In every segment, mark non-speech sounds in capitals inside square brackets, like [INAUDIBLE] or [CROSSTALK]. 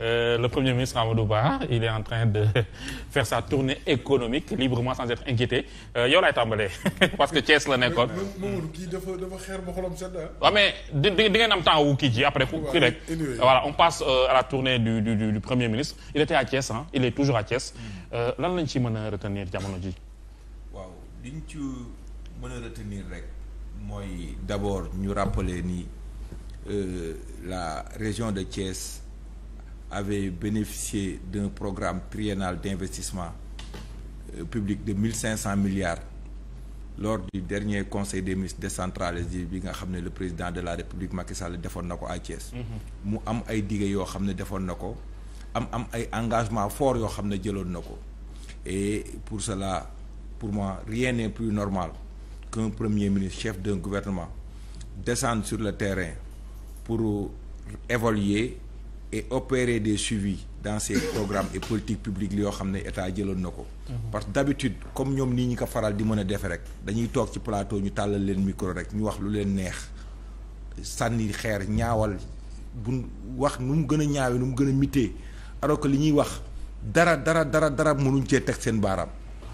Euh, le Premier ministre Amadou Ba il est en train de [LAUGHS] faire sa tournée économique librement sans être inquiété euh, yow lay tàmbalee [LAUGHS] parce que Thiès la nekkoon. Mamadou kii dafa dafa xeer ba xolam mais di di ngeen am temps wu kii ji après ku kii rek. voilà on passe euh, à la tournée du du du Premier ministre il était à Thiès il est toujours à Thiès. Mm. Euh, lan lañ ci mën a retenir jamono ji. waaw li ñu ci mën a retenir rek mooy d'abord ñu rappeler ni la région de Thiès. avait bénéficié d'un programme triennal d'investissement euh, public de 1500 milliards lors du dernier conseil des ministres décentralisé bi nga xam ne le président de la république Macky Sall defoon na ko à mhm. mu am ay dige yoo xam ne defoon na ko am am ay engagement forts yoo xam ne jëloon na ko et pour cela pour moi rien n'est plus normal qu'un premier ministre chef d'un gouvernement descende sur le terrain pour évoluer et opérer des suivis dans ces programmes et politiques publiques yoo xam ne état jëloon na ko. parce que d'habitude comme ñoom nii ñu ko faral di mën a defe rek dañuy toog ci plateau ñu tàllal leen micro rek ñu wax lu leen neex sànni xeer ñaawal bu wax nu mu gën a ñaawee nu mu gën a mitee alors que li ñuy wax dara dara dara dara mënuñ cee teg seen baaraam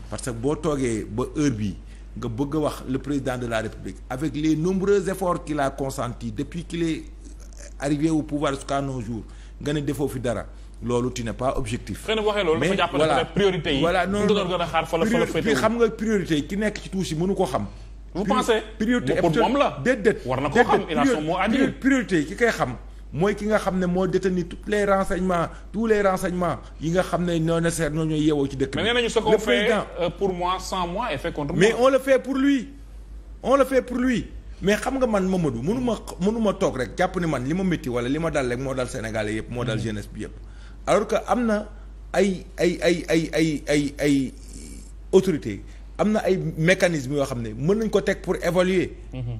parce que boo toogee ba heure bi nga bëgg a wax le président de la république avec les nombreux efforts kila a depuis qu'il est arrivé au jours. nga ne defoo fi dara loolu ti n'es pas objectif. xëy na waxee loolu dafa jàpp ne priorité yi. voilà xam nga priorité ki nekk ci tuuti mënu ko xam. vous pensez priorité moom la déedéet na koo xam il a son yi ki koy xam. mooy ki nga xam ne moo détenir tous les renseignements tous les renseignements yi nga xam ne non nécessaire ñoo ñooy yeewoo ci dëkk bi. mais nee nañu ce qu'on fait euh, pour mois sans moi est fait contre moi. mais on le fait pour lui on le fait pour lui. mais xam nga man Mamadou mënu ma mënuma toog rek jàpp ni man li ma métti wala li ma dal rek moo dal Sénégalais yëpp moo dal mm-hmm. jeunesse bi yëpp alors que am na ay ay ay ay ay ay ay autorité am na ay mécanismes yoo xam ne mën nañ ko teg pour évaluer mm-hmm.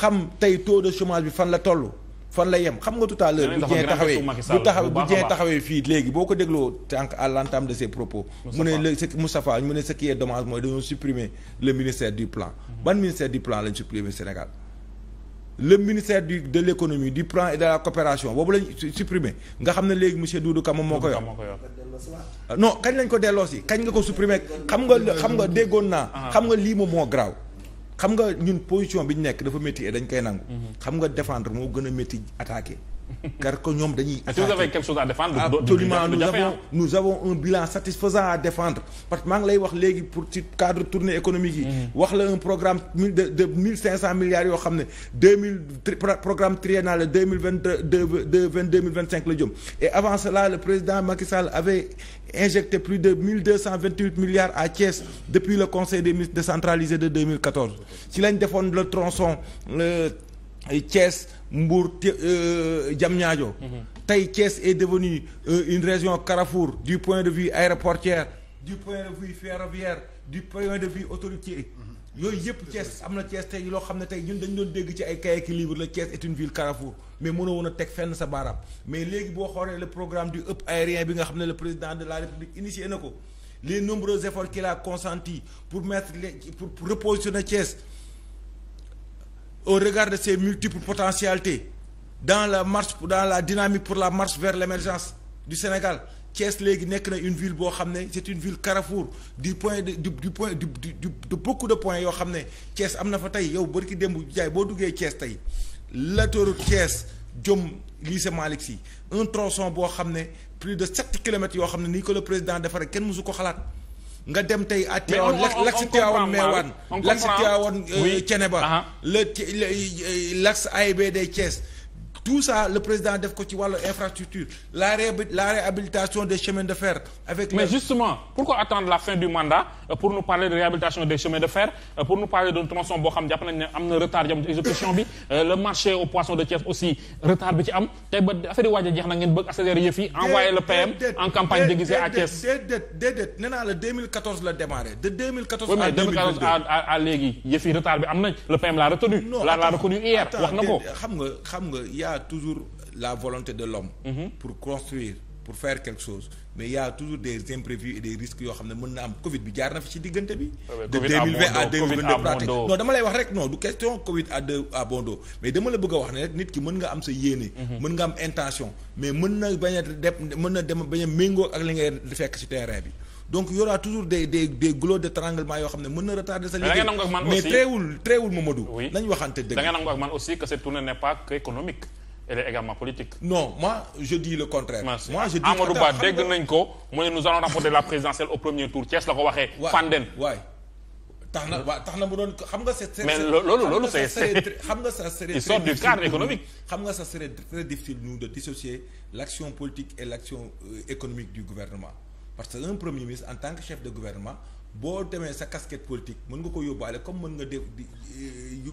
xam tey taux de chômage bi fan la toll fan la yem xam nga tout à l'heure bu jee taxawee bu taxawee bu jee taxawee fii léegi boo ko dégloo tànk à l'entame de ses propos mu ne le Moustapha mu ne ce qui est dommage mooy dañoo supprimer le ministère du plan mhm. ban ministère du plan lañ supprimer Sénégal le ministère du de l'économie du plan et de la coopération boobu lañ supprimer nga xam ne léegi monsieur Doudou moom moo ko yor non kañ lañ ko delloo si kañ nga ko supprimer xam nga xam nga déggoon naa ah. xam nga lii moom moo xam nga ñun position bi ñu nekk dafa métti dañ koy nangu. Mm-hmm. xam nga défendre moo gën a métti attaqué. [LAUGHS] car que ñoom dañuy. attaqué si vous avez quelque chose à défendre. absolument nous avons nous avons un bilan satisfaisant à défendre parce que maa ngi lay wax léegi pour ci cadre tournée économique yi. Mm. wax la un programme milliards yoo xam ne deux mille programme triennal deux la jëm. et avant cela le président Macky avait injecté plus de milliards à Thiès depuis le conseil des ministres décentralisé de deux mille defoon le tronçon Thiès Mbour euh, Diamniadio mhm. tey Thiès est devenue euh, une région carrefour du point de vue aéroportière du point de vue ferroviaire du point de vue autoroutier mhm. yooyu yëpp Thiès am na Thiès tey loo xam ne tey ñun dañu doon dégg ci ay kay équilibre la Thiès est une ville carrefour mais mënoo woon a teg fenn sa baaraam mais léegi boo xoolee le programme du hub aérien bi nga xam ne le président de la République initié na ko les nombreux efforts qu'il a consentis pour mettre les pour repositionner au regard de ses multiples potentialités dans la marche dans la dynamique pour la marche vers l'émergence du Sénégal Thiès léegi nekk na une ville boo xam ne c'est une ville carrefour du point de du du point du du de beaucoup de points yoo xam ne Thiès am na fa tey yow bërki démb jaay boo duggee Thiès tey la l'autoroute Thiès jëm lycée Malick Sy un tronçon boo xam ne plus de sept kilomètres yoo xam ne ni ko le président defaree kenn mësu ko xalaat. nga dem tey à Tivaouane l'axe Tivaouane Meouane l'axe Tivaouane euh, Thiénaba le euh, l'axe AIBD Thiès tout ça le président def ko ci wàllu infrastructure la ré des chemins de fer. avec mais justement pourquoi attendre la fin du mandat euh, pour nous parler de réhabilitation des chemins de fer euh, pour nous parler d'un tronçon boo xam jàpp nañ ne am na retard jëm exécution bi euh, le marché au poisson de Thiès aussi retard bi ci am tey ba affaire waaj a jeex na bëgg accélérer yëf yi envoyer le PM en campagne déguisée à Thiès. déedéet déedéet nee de 2014. a toujours la volonté de l'homme mhm. pour construire pour faire quelque chose mais il a toujours des imprévus et des yoo xam ne mën na am Covid bi jaar na fi ci diggante bi. Ah de 2020 à 2022 pratique dama lay wax rek non du question Covid à mais dama la bëgg a wax ne rek nit ki mën nga am sa yéene. Mhm. mën nga am intention mais mën na bañ a mën na dem bañ a méngoo ak li ngay fekk ci terrain bi. donc y aura toujours des des des goulots d'étranglement yoo xam ne mën elle est également politique. non moi je dis le contraire. Merci. moi je dis Amadou Ba dégg nous allons remporter la présidentielle au premier tour Thiès la Fanden waay tax na waaw tax na doon xam nga. c'est mais loolu loolu c'est xam nga ça [LAUGHS] serait il sort du cadre économique. xam nga ça serait très difficile nous de dissocier l'action politique et l'action euh, économique du gouvernement parce que un premier ministre en tant que chef de gouvernement. boo demee sa casquette politique mën nga ko yóbbaale comme mën nga def di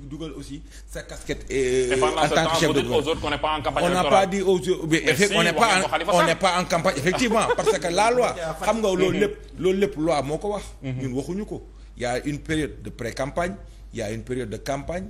dugal aussi sa casquette. Euh, en tant chef de gouvernement on n'est pas en campagne. on n'a pas dit aux autres on n'est pas on n'est pas en campagne effectivement parce que la loi xam nga loolu lépp loolu lépp loi moo ko wax. Mhm. ñun waxuñu ko y une période de pré-campagne y a une période de campagne.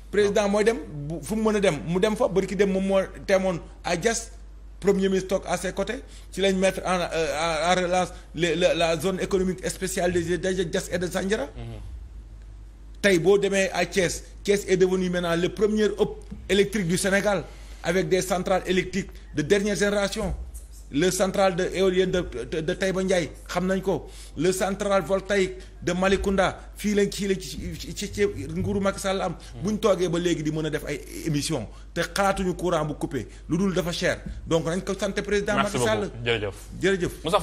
président mooy dem bu fu mu mën a dem mu dem fa bari ki dem moom mooy teemoon à jas premier ministre à ses côté ci lañ mettre euh, en en relance les la zone économique spécialisée de jas et de Sandiara mm-hmm. tey boo demee à Thiès Thiès est devenu maintenant le premier hub électrique du Sénégal avec des centrales électriques de dernière génération le central de éolien de de Taïba Ndiaye xam nañ ko le central voltaïque de Malicounda fii lañ ci ci ci ci nguuru Macky Sall am. bu ñu toogee ba léegi di mën a def ay émission te xalaatuñu courant bu coupé lu dul dafa cher donc nañ ko sant président Macky Sall jërëjëf jërëjëf.